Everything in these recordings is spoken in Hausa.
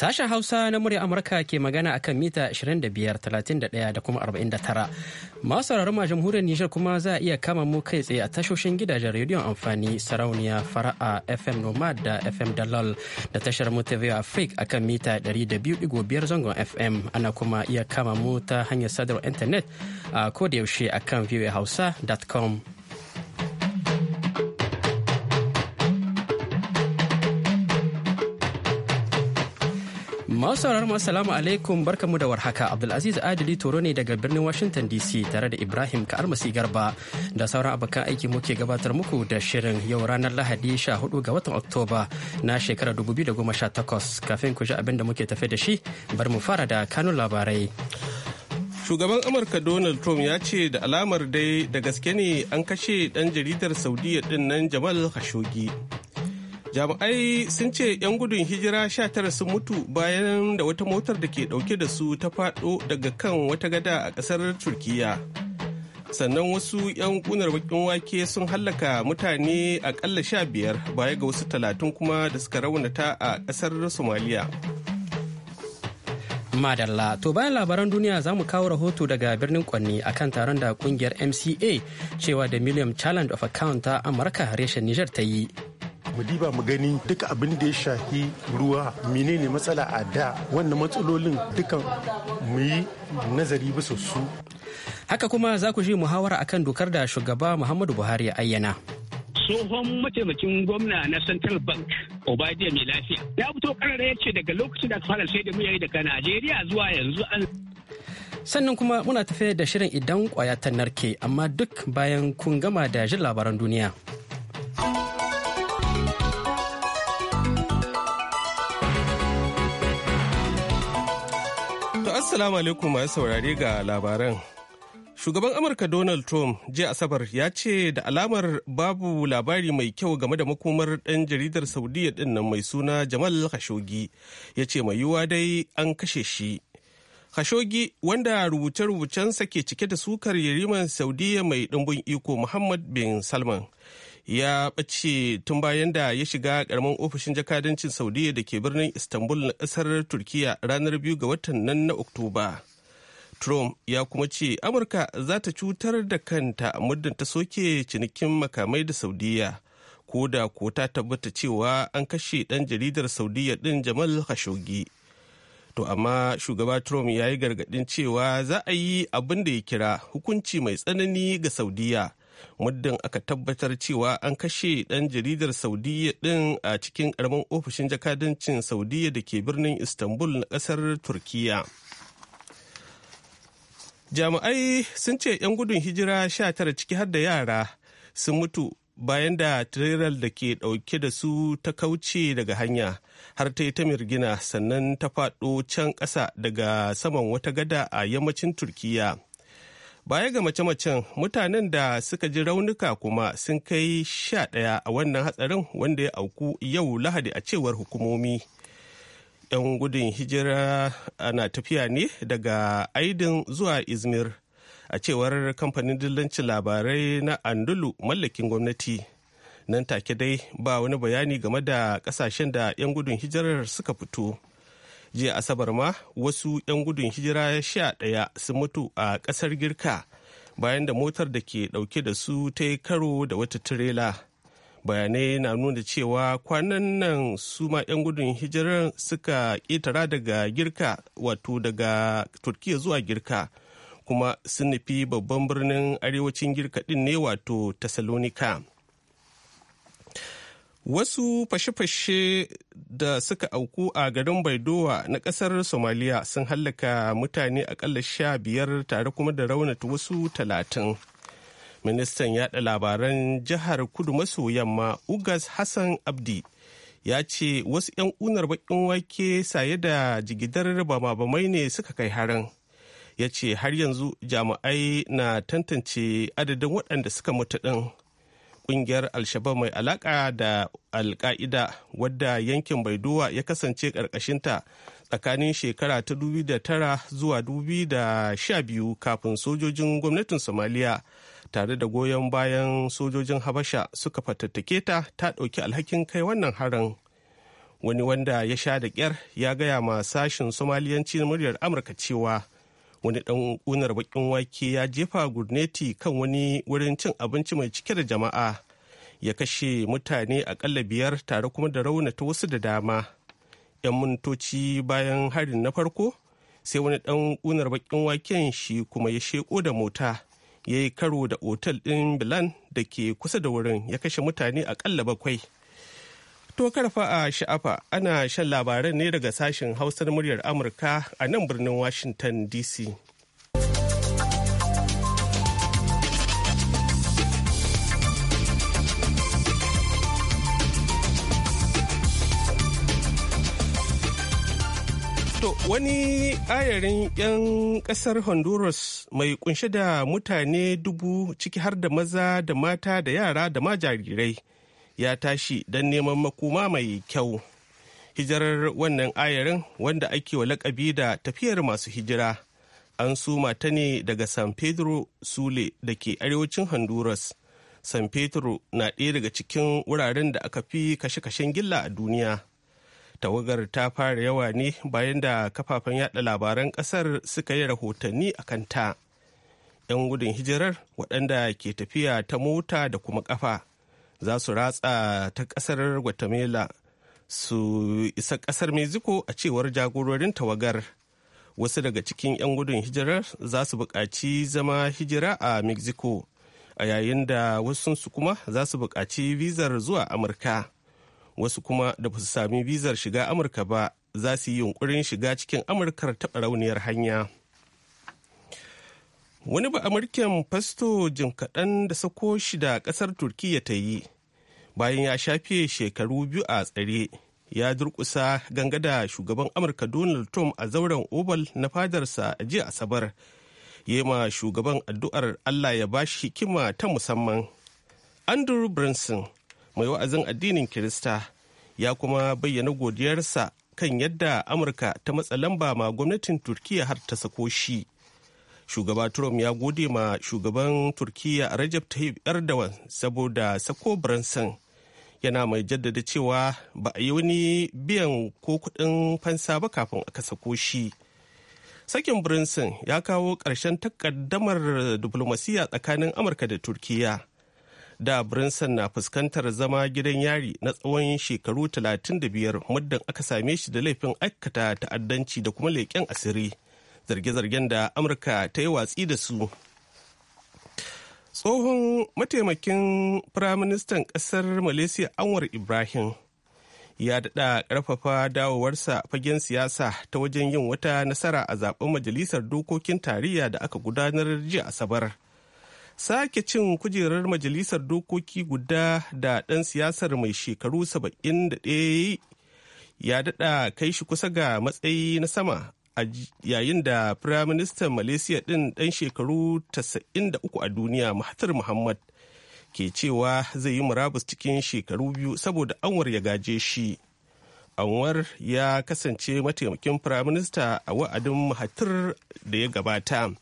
Sashen Hausa na murya Amurka ke magana akan mita 25,31 da kuma 49. Masu sauraron ma jamhuriyar Nijar kuma za a iya kama mu kai tsaye a tashoshin gidajen rediyon amfani sarauniya fara'a FM Nomad da FM Dalal da tashar mu TV Africa akan mita 200.5 zangon FM ana kuma iya kama mu ta hanyar sadarwar intanet a kodayaushe akan voahausa.com. Masu sauraron salamu alaikum barkamu da warhaka Abdulaziz Adili Toro ne daga birnin Washington DC tare da Ibrahim Ka'almasi Garba da sauran abokan aiki muke gabatar muku da shirin yau ranar Lahadi 14 ga watan Oktoba na shekarar 2018 kafin ku ji abin da muke tafe da shi bar mu fara da kanun labarai. Shugaban Amurka Donald Trump ya ce da alamar dai da gaske ne an kashe ɗan jaridar Saudiya ɗin nan Jamal Khashoggi. jami'ai sun ce 'yan gudun hijira 19 sun mutu bayan da wata motar da ke dauke da su ta fado daga kan wata gada a kasar turkiya sannan wasu 'yan kunar bakin wake sun hallaka mutane akalla 15 baya ga wasu talatin kuma da suka raunata a kasar somaliya madalla to bayan labaran duniya za mu kawo rahoto daga birnin kwanni kan taron da kungiyar mca cewa da million challenge of account ta amurka reshen niger ta yi mu diba mu gani duka abin da ya shafi ruwa menene matsala a da wannan matsalolin dukan mu yi nazari bisa su haka kuma za ku ji muhawara akan dokar da shugaba muhammadu buhari ya ayyana tsohon mataimakin gwamna na central bank obadiya mai lafiya ya fito karara ya ce daga lokacin da aka fara sai da muyayi daga najeriya zuwa yanzu an sannan kuma muna tafiya da shirin idan kwaya ta narke amma duk bayan kun gama da jin labaran duniya. Assalamu alaikum masu saurare ga labaran. Shugaban Amurka Donald Trump jiya Asabar ya ce da alamar babu labari mai kyau game da makomar ɗan jaridar Saudiya ɗin nan mai suna Jamal Khashoggi ya ce mai yiwuwa dai an kashe shi. Khashoggi wanda rubuce-rubucensa ke cike da sukar yariman Saudiya mai ɗumbin iko Muhammad bin Salman ya ɓace tun bayan da ya shiga karamin ofishin jakadancin saudiya da ke birnin istanbul na ƙasar turkiya ranar biyu ga watan nan na oktoba trump ya kuma ce amurka za ta cutar da kanta muddin ta soke cinikin makamai da saudiya ko da ko ta tabbata cewa an kashe ɗan jaridar saudiya ɗin jamal khashoggi to amma shugaba trump ya yi gargaɗin cewa za a yi abin da ya kira hukunci mai tsanani ga saudiya muddin aka tabbatar cewa an kashe ɗan jaridar saudiya ɗin a cikin ƙaramin ofishin jakadancin saudiya da ke birnin istanbul na ƙasar turkiya jami'ai sun ce 'yan gudun hijira 19 ciki har da yara sun mutu bayan da tirelar da ke ɗauke da su ta kauce daga hanya har ta yi ta mirgina sannan ta faɗo can ƙasa daga saman wata gada a yammacin turkiya baya ga mace-macen mutanen da suka ji raunuka kuma sun kai sha ɗaya a wannan hatsarin wanda ya auku yau lahadi a cewar hukumomi yan gudun hijira ana tafiya ne daga aidin zuwa izmir a cewar kamfanin dillancin labarai na andulu mallakin gwamnati nan take dai ba wani bayani game da kasashen da yan gudun hijirar suka fito jiya asabar ma wasu 'yan gudun hijira sha ɗaya sun mutu a ƙasar girka bayan da motar da ke ɗauke da su ta yi karo da wata tirela bayanai na nuna cewa kwanan nan su ma 'yan gudun hijirar suka ƙetara daga girka wato daga turkiya zuwa girka kuma sun nufi babban birnin arewacin girka ɗin ne wato thessalonica Wasu fashe-fashe da suka auku a garin Baidowa na ƙasar Somaliya sun hallaka mutane akalla sha biyar tare kuma da raunata wasu talatin. Ministan yaɗa labaran jihar kudu maso yamma Ugas Hassan Abdi ya ce wasu 'yan unar bakin wake saye da jigidar bama-bamai ne suka kai harin. Ya ce har yanzu jami'ai na tantance adadin waɗanda suka mutu ɗin. kungiyar alshabab mai alaka da alka'ida wadda yankin baidowa ya kasance karkashinta tsakanin shekara ta 2009 zuwa 2012 kafin sojojin gwamnatin somaliya tare da goyon bayan sojojin habasha suka fatattake ta ta ɗauki alhakin kai wannan harin wani wanda ya sha da ƙyar ya gaya ma sashin somaliyanci muryar amurka cewa wani dan kunar bakin wake ya jefa gurneti kan wani wurin cin abinci mai cike da jama'a ya kashe mutane akalla biyar tare kuma da raunata wasu da dama 'yan mintoci bayan harin na farko sai wani dan kunar bakin waken shi kuma ya sheko da mota ya yi karo da otal din bilan da ke kusa da wurin ya kashe mutane akalla bakwai To karfa a sha'afa ana shan labaran ne daga sashen hausar muryar Amurka a nan birnin Washington DC. wani ayarin 'yan ƙasar Honduras mai kunshe da mutane dubu ciki har da maza da mata da yara da ma jarirai. ya tashi don neman makoma mai kyau hijirar wannan ayarin wanda ake wa lakabi da tafiyar masu hijira an suma ta ne daga san pedro sule da ke arewacin honduras san pedro na ɗaya daga cikin wuraren da aka fi kashe-kashen gilla a duniya tawagar ta fara yawa ne bayan da kafafen yada labaran ƙasar suka yi rahotanni a kanta 'yan gudun hijirar waɗanda ke tafiya ta mota da kuma ƙafa za su ratsa ta ƙasar guatemala su isa ƙasar mexico a cewar jagororin tawagar wasu daga cikin 'yan gudun hijirar za su buƙaci zama hijira a mexico a yayin da wasunsu kuma za su buƙaci bizar zuwa amurka wasu kuma da ba su sami bizar shiga amurka ba za su yi yunkurin shiga cikin amurkar taɓa rauniyar hanya. wani ba amurken fasto jim kaɗan da sako shi da ƙasar turkiya ta yi bayan ya shafe shekaru biyu a tsare ya durƙusa ganga da shugaban amurka donald trump a zauren oval na fadarsa a jiya asabar ma shugaban addu'ar allah ya bashi hikima ta musamman andrew branson mai wa'azin addinin kirista ya kuma bayyana godiyarsa kan yadda amurka ta matsa lamba ma gwamnatin turkiya har ta sako shi shugaba trump ya gode ma shugaban turkiya rajab tayyip erdogan saboda sako branson yana mai jaddada cewa ba a yi wani biyan ko kudin fansa ba kafin aka sako shi sakin branson ya kawo ƙarshen takaddamar diplomasiya tsakanin amurka da turkiya da branson na fuskantar zama gidan yari na tsawon shekaru 35 muddin aka same shi da laifin aikata ta'addanci da kuma leƙen asiri. zarge-zargen da amurka ta yi watsi da su tsohon mataimakin firaministan ƙasar malaysia anwar ibrahim ya daɗa ƙarfafa dawowarsa fagen siyasa ta wajen yin wata nasara a zaben majalisar dokokin tarayya da aka gudanar jiya asabar sake cin kujerar majalisar dokoki guda da ɗan siyasar mai shekaru 71 ya daɗa kai shi kusa ga matsayi na sama yayin da firaministan malaysia ɗin ɗan shekaru 93 a duniya mahathir muhammad ke cewa zai yi murabus cikin shekaru biyu saboda anwar ya gaje shi anwar ya kasance mataimakin firaminista a wa'adin mahatar da ya gabata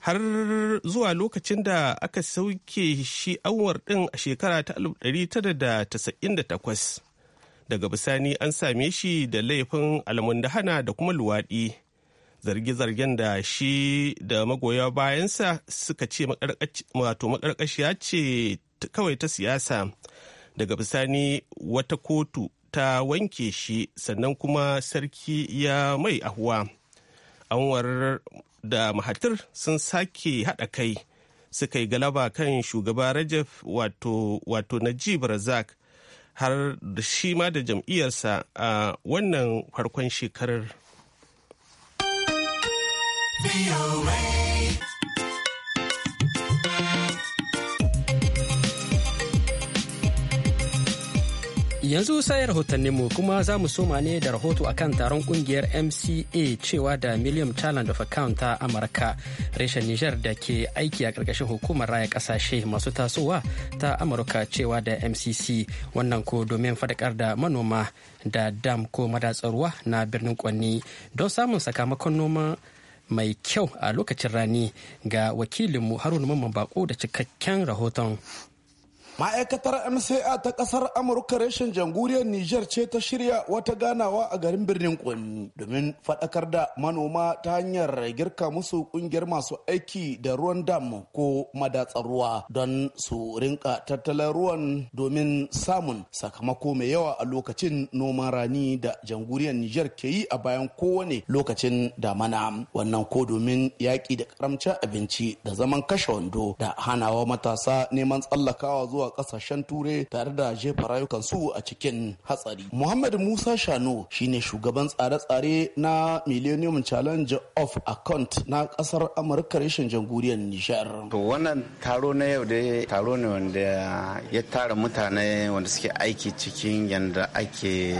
har zuwa lokacin da aka sauke shi anwar ɗin a shekara ta 1998 daga bisani an same shi da laifin almundahana da kuma luwaɗi zarge-zargen da shi da magoya bayansa suka ce makarkashiya ce kawai ta siyasa daga bisani wata kotu ta wanke shi sannan kuma sarki ya mai ahuwa anwar da mahatir sun sake haɗa kai suka yi galaba kan shugaba rajab wato najib razak har da shi ma da jam'iyyarsa a wannan farkon shekarar. Yanzu sai mu kuma za mu soma ne da rahoto akan taron kungiyar MCA cewa da million Challenge of Account ta Amurka reshen Nijar da ke aiki a ƙarƙashin hukumar raya ƙasashe masu tasowa ta Amurka cewa da MCC wannan ko domin fadakar da manoma da dam ko madatsaruwa na birnin Kwanni don samun sakamakon noma mai kyau a lokacin rani ga wakilinmu Haruna Mamman Bako da cikakken rahoton. ma'aikatar mca ta kasar amurka reshen jamhuriyar niger ce ta shirya wata ganawa a garin birnin kwanni domin faɗakar da manoma ta hanyar girka musu kungiyar masu aiki da ruwan dam ko madatsar ruwa don su rinka tattalin ruwan domin samun sakamako mai yawa a lokacin noman rani da jamhuriyar niger ke yi a bayan kowane lokacin damana wannan ko domin yaƙi da karamcin abinci da zaman kashe wando da hanawa matasa neman tsallakawa zuwa kasashen ture tare da jefa rayukan su a cikin hatsari muhammad musa shano shine shugaban tsare-tsare na millennium challenge of account na kasar amurka rashin jamhuriyar nishar to wannan taro na yau dai taro ne wanda ya tara mutane wanda suke aiki cikin yanda ake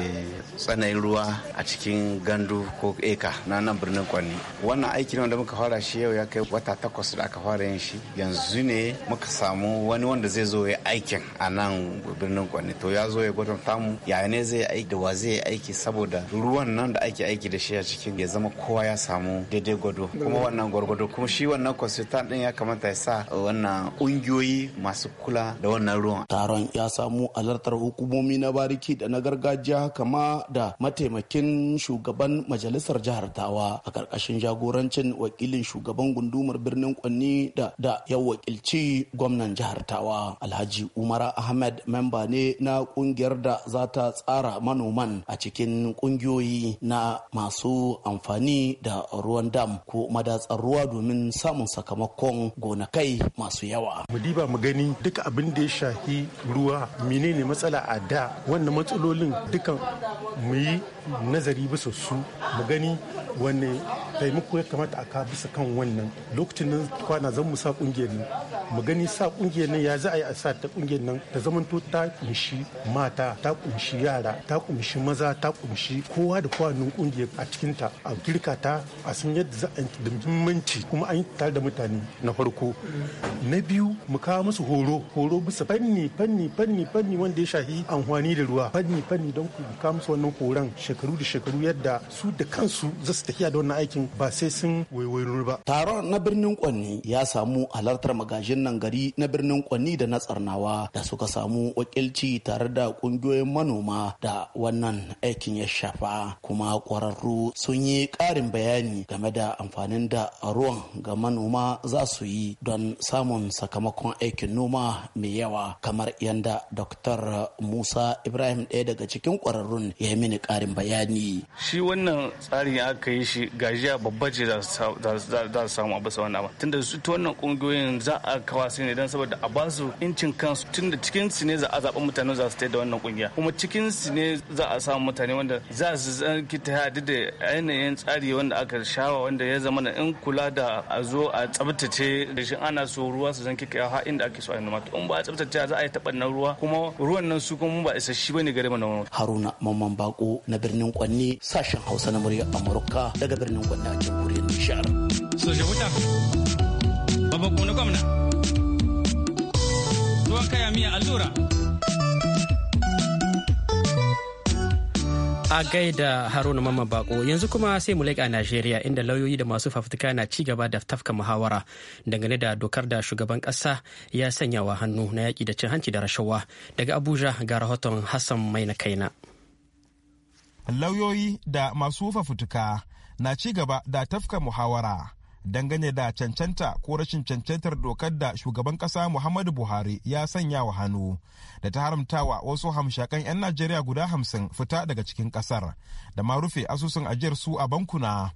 tsananin ruwa a cikin gandu ko eka na nan birnin kwanni wannan aiki ne wanda muka fara shi yau ya kai wata takwas da aka fara yin shi yanzu ne muka samu wani wanda zai zo ya aikin a nan birnin kwanne to ya zo ya gwada tamu yaya ne zai aiki wa zai aiki saboda ruwan nan da ake aiki da shi a cikin ya zama kowa ya samu daidai gwado kuma wannan gwargwado kuma shi wannan kwasitan din ya kamata ya sa wannan kungiyoyi masu kula da wannan ruwan taron ya samu alartar hukumomi na bariki da na gargajiya kama da mataimakin shugaban majalisar jihar tawa a karkashin jagorancin wakilin shugaban gundumar birnin kwanni da da ya wakilci gwamnan jihar tawa alhaji Umar Ahmed memba ne na kungiyar da za ta tsara manoman a cikin kungiyoyi na masu amfani da ruwan dam ko madatsar ruwa domin samun sakamakon gonakai masu yawa. Mu diba mu gani duk abin da ya shafi ruwa menene matsala a da wannan matsalolin dukan mu yi nazari bisa su mu gani wani taimako ya kamata a ka bisa kan wannan lokacin nan kwana zan mu sa kungiyar mu gani sa kungiyar nan ya za a yi a sa ta kungiyar nan ta zamanto ta kunshi mata ta kunshi yara ta kunshi maza ta kunshi kowa da kowa nun kungiyar a cikin ta a girka ta a sun yadda za a da muhimmanci kuma an yi tare da mutane na farko na biyu mu kawo musu horo horo bisa fanni fanni fanni fanni wanda ya shahi amfani da ruwa fanni fanni don ku kawo musu wannan horon shekaru da shekaru yadda su da kansu za su tafiya da wannan aikin ba sai sun waiwayo ba taron na birnin kwanni ya samu halartar magajin nan gari na birnin kwanni da na tsarnawa Adamawa da suka samu wakilci tare da kungiyoyin manoma da wannan aikin ya shafa kuma kwararru sun yi karin bayani game da amfanin da ruwan ga manoma za su yi don samun sakamakon aikin noma mai yawa kamar yadda Dr. Musa Ibrahim ɗaya daga cikin kwararrun ya yi mini karin bayani. Shi wannan tsarin aka yi shi gajiya babba ce za su samu a bisa wannan ba. Tunda su ta wannan kungiyoyin za a kawa ne don saboda a basu incin kan kansu tun da cikin su ne za a zaɓi mutane za su da wannan kungiya kuma cikin su ne za a samu mutane wanda za su zanki ta haɗu da ainihin tsari wanda aka shawa wanda ya zama na in kula da a zo a tsabtace da shi ana so ruwa su zanki kai ha inda ake so a noma in ba a tsabtace za a yi taɓa ruwa kuma ruwan nan su kuma ba ba ne gare mu na Haruna Mamman Bako na birnin Kwanne sashen Hausa na murya Amurka daga birnin Kwanne a cikin Nijar. Soja wuta. Babban gwamna. ruwan kaya miya allura. a gaida haruna mamman bako yanzu kuma sai mu leƙa najeriya inda lauyoyi da masu fafutuka na ci gaba da tafka muhawara dangane da dokar da shugaban ƙasa ya sanya wa hannu na yaƙi da cin hanci da rashawa daga abuja ga rahoton hassan mai na kaina lauyoyi da masu fafutuka na ci gaba da tafka muhawara dangane da cancanta ko rashin cancantar dokar da shugaban kasa muhammadu buhari ya sanya wa hannu da ta haramtawa wasu hamshakan 'yan najeriya guda hamsin fita daga cikin kasar da ma rufe asusun ajiyar su a bankuna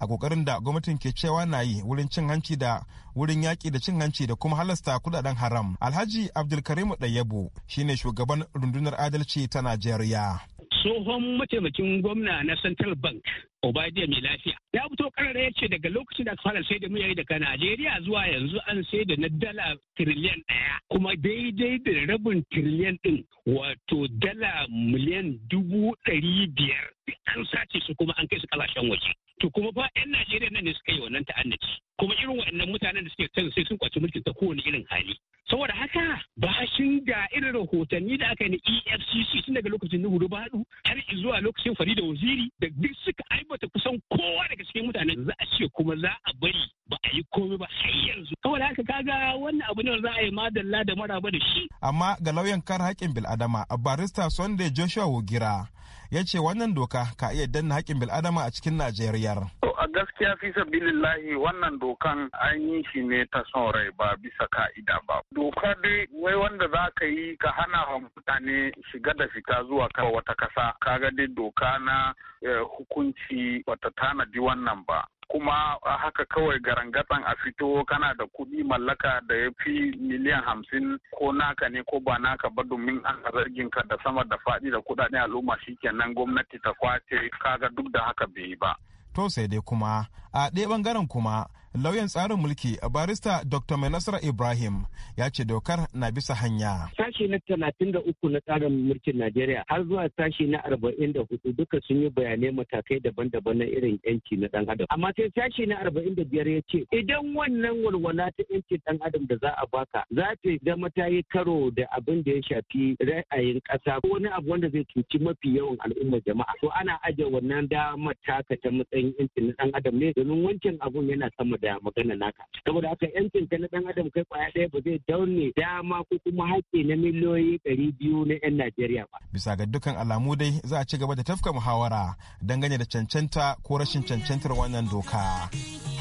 a kokarin da gwamnatin ke cewa na yi wurin cin hanci da wurin yaƙi da cin hanci da kuma halasta kudaden haram alhaji abdulkarim ɗayyabo shine shugaban rundunar adalci ta najeriya tsohon mataimakin gwamna na central bank Obadiya mai lafiya. Ya fito karara ya ce daga lokacin da aka fara sai da mu daga Najeriya zuwa yanzu an sai da na dala tiriliyan ɗaya kuma daidai da rabin tiriliyan ɗin wato dala miliyan dubu ɗari biyar an sace su kuma an kai su ƙasashen waje. to kuma fa yan Najeriya nan ne suka yi wannan ta'annaci kuma irin waɗannan mutanen da suke can sai sun kwaci mulkin ta kowane irin hali saboda haka bashin da irin rahotanni da aka yi na EFCC tun daga lokacin Nuhu Rubadu har zuwa lokacin Farida Waziri da duk suka aibata kusan kowa daga cikin mutanen za a ce kuma za a bari ba a yi komai ba har yanzu saboda haka kaga wannan abu ne za a yi madalla da maraba da shi amma ga lauyan kar haƙƙin bil'adama a barista Sunday Joshua Wogira ya ce wannan doka ka iya danna haƙƙin bil'adama a cikin Najeriya. a gaskiya fi sabilillahi wannan dokan an yi shi ne ta son rai ba bisa ka'ida ba. Doka dai wai wanda za ka yi ka hana wa mutane shiga da fita zuwa wata kasa kaga dai doka na eh, hukunci wata tanadi wannan ba. kuma haka kawai garangatsan a fito kana da kuɗi mallaka da ya fi miliyan hamsin ko naka ne ko ba naka ba domin an zargin ka da sama da faɗi da kuɗaɗen al'umma shikenan gwamnati ta kwace kaga duk da haka bai yi ba. To sai dai kuma a ɗaya bangaren kuma lauyan tsarin mulki a barista dr mai nasara ibrahim ya ce dokar na bisa hanya sashi na talatin da uku na tsarin mulkin najeriya har zuwa sashi na arba'in da hudu duka sun yi bayanai matakai daban-daban na irin yanci na dan adam amma sai sashi na arba'in da biyar ya ce idan wannan walwala ta yanci dan adam da za a baka za ta zama ta yi karo da abin da ya shafi ra'ayin ƙasa ko wani abu wanda zai cuci mafi yawan al'ummar jama'a Ko ana ajiye wannan dama taka ta matsayin yanci na dan adam ne domin wancan abun yana sama da magana naka saboda haka yancin ka na dan adam kai kwaya ɗaya ba zai daune dama ko kuma haƙƙi na miliyoyi ɗari biyu na 'yan Najeriya ba. Bisa ga dukkan alamu dai za a ci gaba da tafka muhawara dangane da cancanta ko rashin cancantar wannan doka.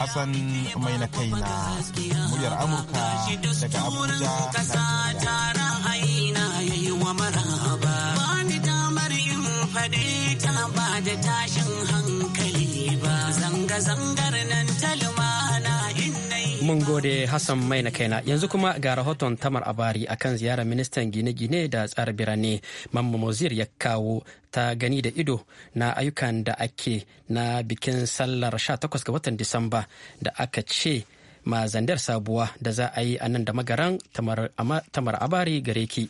Hassan mai na kaina muryar Amurka daga Abuja, Najeriya. zanga-zangar nan talo Mun gode Hassan mai na kaina yanzu kuma ga rahoton Tamar Abari a kan ziyarar ministan gine-gine da tsara birane Mamma Mozir ya kawo ta gani da ido na ayyukan da ake na bikin sallar 18 ga watan Disamba da aka ce ma zandar sabuwa da za a yi a nan da magaran Tamar Abari gare ki.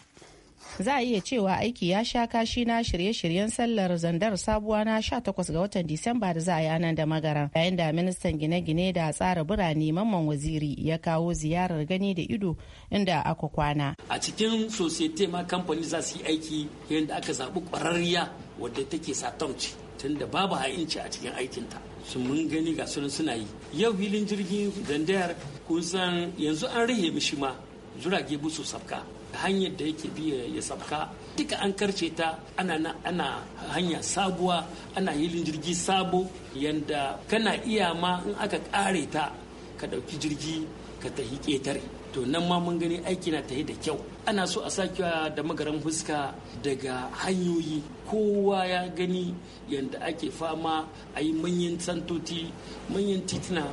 za a iya cewa aiki ya sha kashi na shirye-shiryen sallar zandar sabuwa na 18 ga watan disamba da za a yi da magara yayin da ministan gine-gine da tsara birane mamman waziri ya kawo ziyarar gani da ido inda aka kwana a cikin societe ma kamfani za su yi aiki yadda aka zaɓi ƙwararriya wadda take satonci tunda babu ha'inci a cikin aikinta su mun gani ga sunan suna yi yau filin jirgin zandar kun san yanzu an rage mishi ma jirage busu safka da hanyar da yake bi ya sabka duka an karce ta ana ana hanya sabuwa ana yilin jirgi sabo yanda kana iya ma in aka kare ta ka dauki jirgi ka tahi ƙetare. to nan ma mun gani aiki na tahi da kyau ana so a sake da magaran fuska daga hanyoyi kowa ya gani yadda ake fama a yi manyan santoti manyan tituna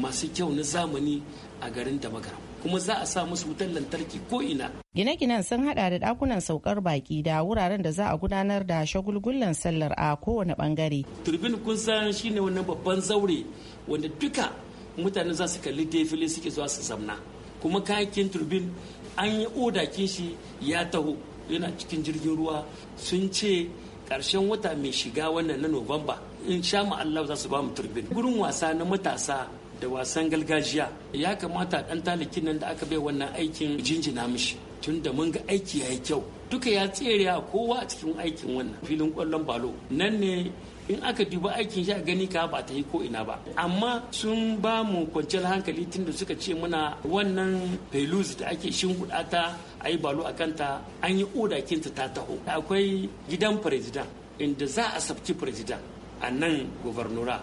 masu kyau na zamani a garin da magaran kuma za a sa musu wutar lantarki ko ina. Gine-ginen sun hada da dakunan saukar baki da wuraren da za a gudanar da shagulgullan sallar a kowane bangare. Turbin kun san shine wannan babban zaure wanda duka mutane za su kalli defile suke zuwa su zamna. Kuma kayakin turbin an yi oda shi ya taho yana cikin jirgin ruwa sun ce karshen wata mai shiga wannan na Nuwamba in sha Allah za su ba mu turbin. Gurin wasa na matasa da wasan gargajiya ya kamata dan talikin nan da aka bai wannan aikin jinjina mishi tun da mun ga aiki ya yi kyau duka ya tsere a kowa a cikin aikin wannan filin kwallon balo nan ne in aka duba aikin shi a gani ka ba ta yi ko ina ba amma sun ba mu kwanciyar hankali tun da suka ce muna wannan pelus da ake shimfiɗa ta a yi balo a kanta an yi odakinta ta taho akwai gidan firizidan inda za a sabci firizidan a nan gubernura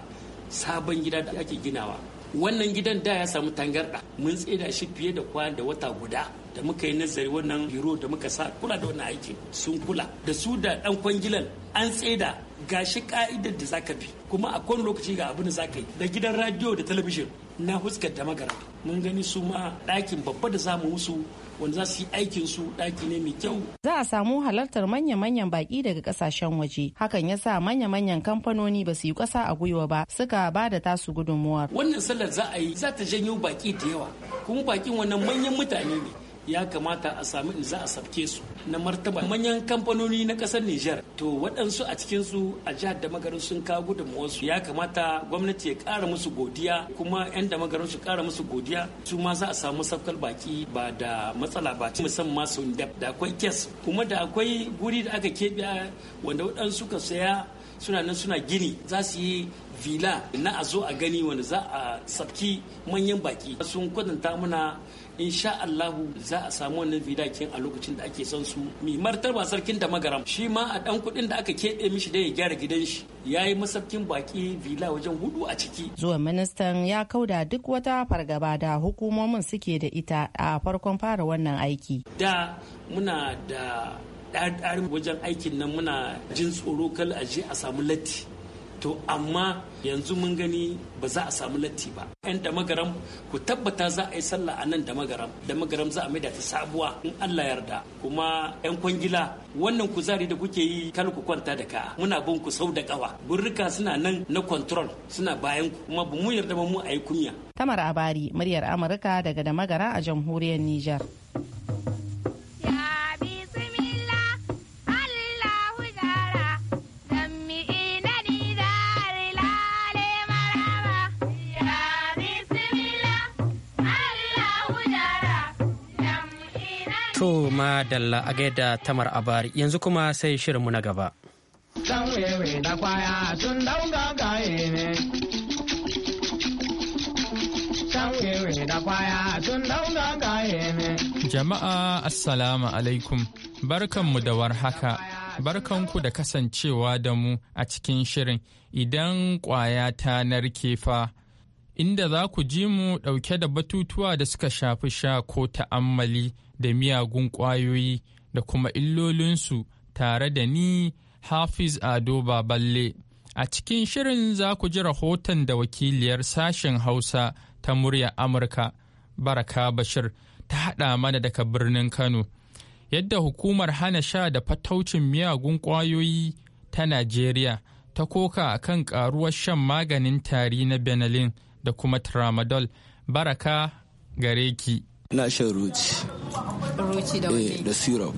sabon gida da ake ginawa wannan gidan da ya samu tangarɗa. mun tsida shi fiye da kwana da wata guda da muka yi nazari wannan biro da muka sa kula da wannan aiki sun kula da su da dan kwangilan an tsida gashi ka'idar da zaka bi kuma a kowane lokaci ga abin da zaka yi da gidan radio da talabijin na huskar da magara mun gani su ma ɗakin babba da zamu musu wanda za su yi aikin su ɗaki ne mai kyau. Za a samu halartar manya-manyan baƙi daga ƙasashen waje. Hakan ya sa manya-manyan kamfanoni ba su yi ƙasa a gwiwa ba suka ba da tasu gudunmuwar. Wannan sallar za a yi za ta janyo baƙi da yawa kuma baƙin wannan manyan mutane ne. ya kamata a sami in za a sabke su na martaba manyan kamfanoni na kasar Nijar to waɗansu a cikin su a jihar da magarin sun kawo su ya kamata gwamnati ya ƙara musu godiya kuma 'yan da magarin su ƙara musu godiya su ma za a samu safkar baki ba da matsala ba musamman su da akwai kes kuma da akwai guri da aka keɓe wanda waɗansu ka saya suna nan suna gini za su yi vila na a zo a gani wanda za a sabki manyan baki sun kwatanta mana insha Allahu za a samu wannan vidakin a lokacin da ake son su mi martaba sarkin da magaram shi ma a dan kuɗin da aka keɓe mishi da ya gyara gidan shi ya yi masarkin baki vila wajen hudu a ciki zuwa ministan ya kauda duk wata fargaba da hukumomin suke da ita a farkon fara wannan aiki da muna da ɗarin wajen aikin nan muna jin tsoro kal aje a samu latti to amma yanzu mun gani ba za a samu latti ba yan damagaram ku tabbata za a yi sallah a nan damagaram damagaram za a maida ta sabuwa in Allah yarda kuma yan kwangila wannan kuzari da kuke yi kala ku kwanta da ka muna bin ku sau da kawa burrika suna nan na control suna bayan ku kuma ba mu yarda ba mu a yi kunya tamar abari muryar amurka daga damagara a jamhuriyar nijar. ma dalla a gaida tamar abari yanzu kuma sai shirinmu na gaba. Jama'a Assalamu alaikum, barkanmu da warhaka. Barkanku da kasancewa da mu a cikin shirin idan kwaya ta narke fa. inda za ku ji mu ɗauke da batutuwa da suka shafi sha ko ta'ammali da miyagun ƙwayoyi da kuma illolinsu tare da ni Hafiz Ado Baballe. A cikin shirin za ku ji rahoton da wakiliyar sashen Hausa ta murya Amurka, Baraka Bashir, ta haɗa mana daga birnin Kano. Yadda hukumar hana sha da fataucin miyagun ƙwayoyi ta Najeriya ta koka a kan ƙaruwar shan maganin tari na Benelin da kuma Tramadol. Baraka gareki. ki. Na shan ruci. roci da eh, da syrup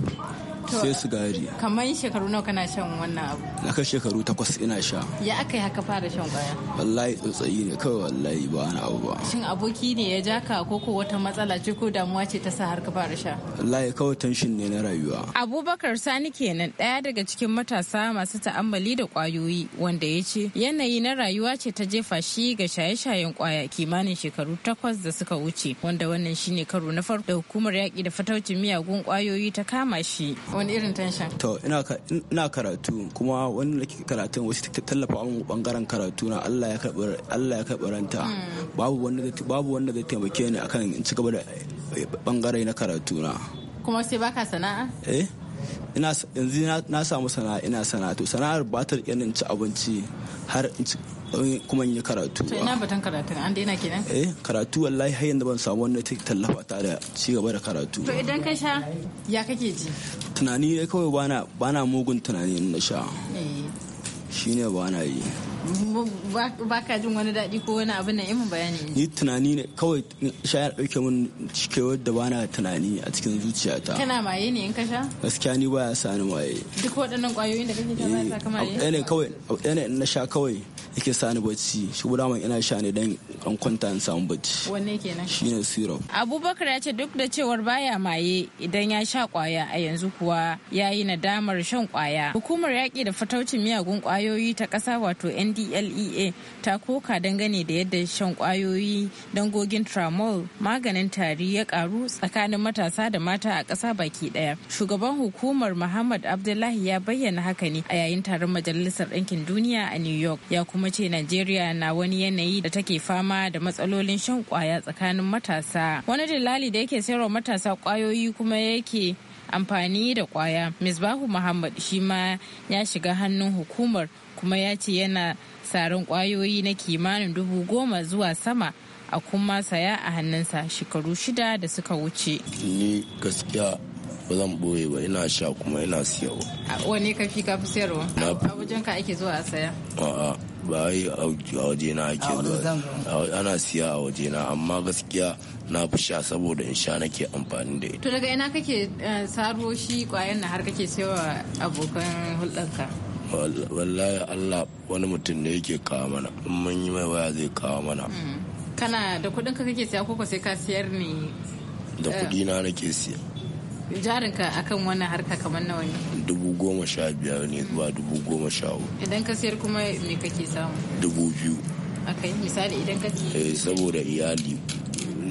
sai sigari kamar shekaru nawa kana shan wannan abu na kan shekaru takwas ina sha ya aka yi haka fara shan kwaya wallahi tsotsayi ne kawai wallahi ba wani abu ba shin aboki ne ya ja ka ko ko wata matsala ce ko damuwa ce ta sa har ka fara sha wallahi kawai tension ne na rayuwa abubakar sani kenan daya daga cikin matasa masu ta'ammali da kwayoyi wanda ya ce yanayi na rayuwa ce ta jefa shi ga shaye-shayen kwaya kimanin shekaru takwas da suka wuce wanda wannan shine karo na farko da hukumar yaƙi da fataucin miyagun kwayoyi ta kama shi wani irin tension to ina karatu kuma wani da kike karatun wasu tallafa min bangaren karatu na Allah ya karɓi Allah ya karɓi ranta hmm. babu wanda babu wanda zai taimake ni akan in ci gaba da bangare eh, na karatu na kuma sai baka sana'a eh ina yanzu na samu sana'a ina sana'a to sana'ar ba ta ci abinci har Eh, kuma yi karatu to ina batan karatu an daina kenan eh karatu wallahi har yanzu ban samu wani tallafa ta da ci gaba da karatu to idan ka sha ya kake ji tunani kawai bana bana mugun tunani na sha eh. shine bana yi ba ka jin wani daɗi ko wani abu na imin bayani ni tunani ne kawai shayar ɗauke min cikewar da bana tunani a cikin zuciyata kana maye ne in ka sha gaskiya ni baya sa ni maye duk waɗannan ƙwayoyin da kake baya sa ka maye eh, abu ne kawai abu ne na sha kawai yake sa ni bacci shi guda ina sha ne dan an kwanta in samu bacci wanne kenan shine syrup abubakar ya ce duk da cewar baya maye idan ya sha ƙwaya a yanzu kuwa ya yi nadamar shan ƙwaya hukumar yaƙi da fataucin miyagun ƙwayoyi ta ƙasa wato ndlea ta koka dangane da yadda shan kwayoyi dangogin tramol maganin tari ya karu tsakanin matasa da mata a ƙasa baki ɗaya shugaban hukumar muhammad abdullahi ya bayyana haka ne a yayin taron majalisar ɗinkin duniya a new york ya kuma ce najeriya na wani yanayi da take fama da matsalolin shan kwaya tsakanin matasa wani dalali da yake sayarwa matasa kwayoyi kuma yake amfani da kwaya misbahu muhammad shi ma ya shiga hannun hukumar kuma ya ce yana sarin kwayoyi na kimanin dubu goma zuwa sama a kuma saya a hannunsa shekaru shida da suka wuce. Ni gaskiya ba zan boye ba ina sha kuma ina siyarwa. A ne ka fi ka fi siyarwa? A wajen ka ake zuwa a saya? A'a ba yi a waje na ake zuwa. Ana siya a waje na amma gaskiya na fi sha saboda in sha nake amfani da ita. To daga ina kake eh, saro shi kwayan na har kake siyarwa abokan hulɗarka? wallahi allah wani mutum ne yake kawo mana in mun yi mai waya zai kawo mana mm. kana da kudin ka kake siya koko sai ka siyar ne da kuɗi na nake siya jarin ka akan wannan harka kamar nawa ne dubu goma sha biyar ne zuwa dubu goma sha hudu idan ka siyar kuma me kake samu dubu biyu akai misali idan ka eh saboda iyali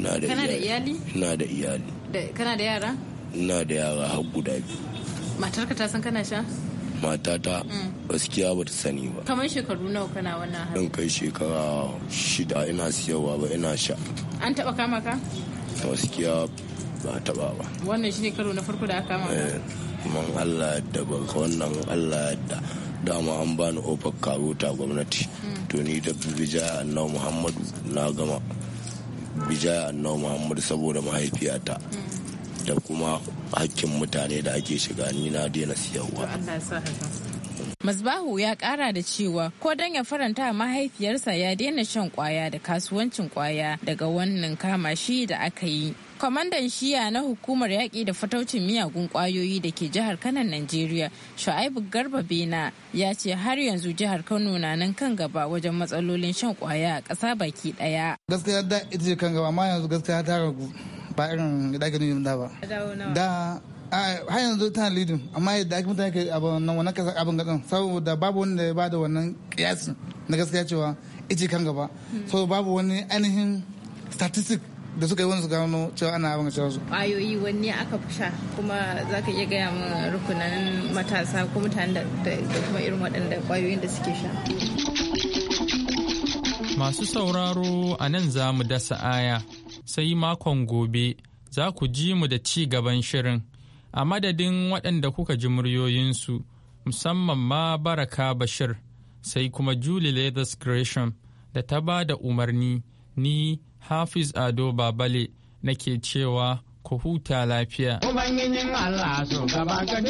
na da da iyali na da iyali kana da yara na da yara har guda biyu matarka ta san kana sha matata gaskiya ba ta sani ba kamar shekaru nawa kana wannan hali kai shekara shida ina siyarwa ba ina sha an taba kama ka gaskiya ba taba ba wannan shine karo na farko da aka kama ka eh, man Allah da ba wannan Allah da dama an bani ofar ta gwamnati hmm. to ni da bija annabi muhammadu na gama bija annabi muhammadu saboda mahaifiyata hmm. da kuma hakkin mutane da ake shiga ni na daina siyarwa. Masbahu ya kara da cewa ko don ya faranta mahaifiyarsa ya daina shan kwaya da kasuwancin kwaya daga wannan kama shi da aka yi. Kwamandan shiya na hukumar yaƙi da fataucin miyagun kwayoyi da ke jihar Kano Najeriya, Shu'aibu Garba Bena ya ce har yanzu jihar Kano na nan kan gaba wajen matsalolin shan kwaya a ƙasa baki ɗaya. Gaskiya da ita ce kan gaba amma yanzu gaskiya ta ragu. ba irin da ake nuna da ba da har yanzu tana lidin amma yadda ake mutane ke abin wannan kasa abin gadon saboda babu da ya bada wannan kiyasin na gaskiya cewa ice kan gaba hmm. so babu wani ainihin statistic da suka yi wani su gano cewa ana abin cewa su ayoyi wani aka fi sha kuma za ka iya gaya min rukunan matasa ko mutanen da kuma irin waɗanda ƙwayoyin da suke sha masu sauraro a nan za mu dasa aya sai makon gobe za ku ji mu da ci gaban shirin a madadin waɗanda kuka ji muryoyinsu musamman ma baraka bashir sai kuma julie leathers gresham da ta ba da umarni ni hafiz ado babale na ke cewa ku huta lafiya. Ubangijin Allah su gaba ka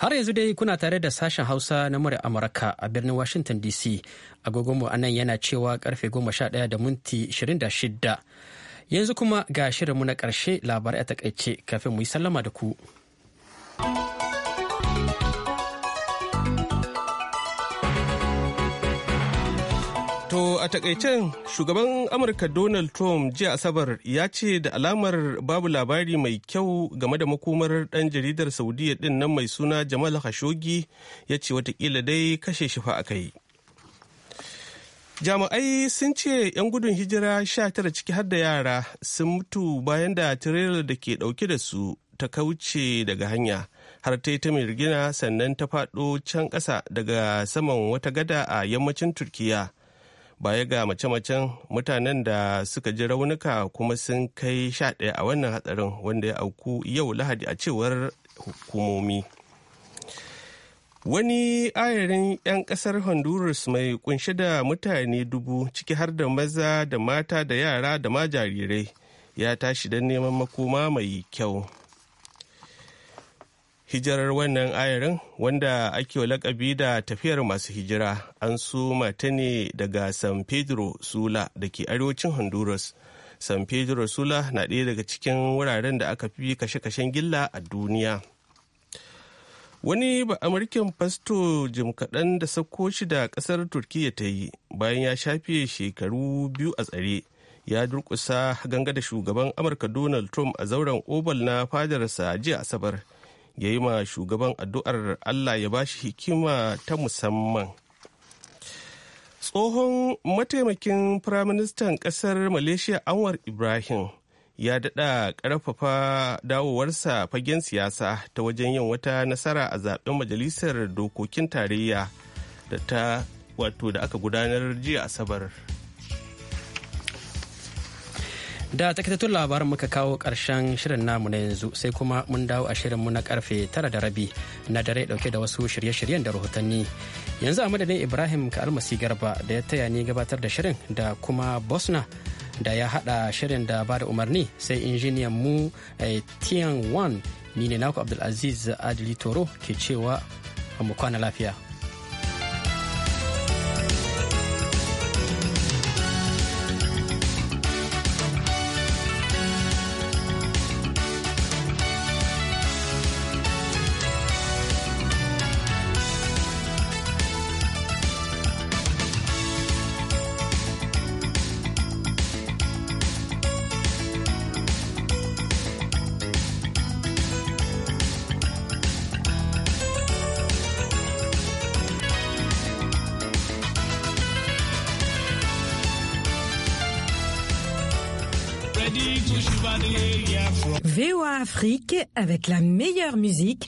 Har yanzu dai kuna tare da sashen Hausa na mura Amurka a birnin Washington DC. Agogonmu a nan yana cewa karfe 11 da minti 26. Yanzu kuma ga shirinmu na ƙarshe labarai a takaice kafin mu yi sallama da ku. a takaicen shugaban Amurka Donald Trump jiya Asabar ya ce da alamar babu labari mai kyau game da makomar ɗan jaridar Saudiya din nan mai suna Jamal Khashoggi ya ce watakila dai kashe shi fa aka yi. Jami'ai sun ce 'yan gudun hijira 19 ciki har da yara sun mutu bayan da tirelar da ke dauke da su ta kauce daga hanya. har ta yi ta mirgina sannan ta faɗo can ƙasa daga saman wata gada a yammacin turkiya baya ga mace-macen mutanen da suka ji raunuka kuma sun kai sha ɗaya a wannan hatsarin wanda ya auku yau lahadi a cewar hukumomi wani ayarin 'yan ƙasar honduras mai kunshi da mutane dubu ciki har da maza da mata da yara da ma jarirai ya tashi don neman makoma mai kyau hijirar wannan ayarin wanda ake lakabi da tafiyar masu hijira an suma ta ne daga san pedro sula da ke arewacin honduras san pedro sula na ɗaya daga cikin wuraren da aka fi kashe-kashen gilla a duniya wani ba amurkin fasto jim kaɗan da sauko shi da ƙasar Turkiyya ta yi bayan ya shafe shekaru biyu a tsare ya durƙusa ganga da shugaban amurka donald trump a zauren obal na fadarsa jiya asabar. ya yi ma shugaban addu'ar Allah ya ba shi hikima ta musamman. Tsohon mataimakin firaministan ƙasar Malaysia Anwar Ibrahim ya daɗa ƙarfafa dawowarsa fagen siyasa ta wajen yin wata nasara a zaben majalisar dokokin tarayya da ta wato da aka gudanar jiya Asabar. da takaitattun labaran muka kawo karshen shirin namu na yanzu sai kuma mun dawo a shirinmu na karfe tara da rabi na dare dauke da wasu shirye-shiryen da rahotanni yanzu a madadin ibrahim ka almasi garba da ya taya ni gabatar da shirin da kuma bosna da ya hada shirin da ba da umarni sai injiniyan mu eh, tian wan ni ne naku abdulaziz adili toro ke cewa mu kwana lafiya avec la meilleure musique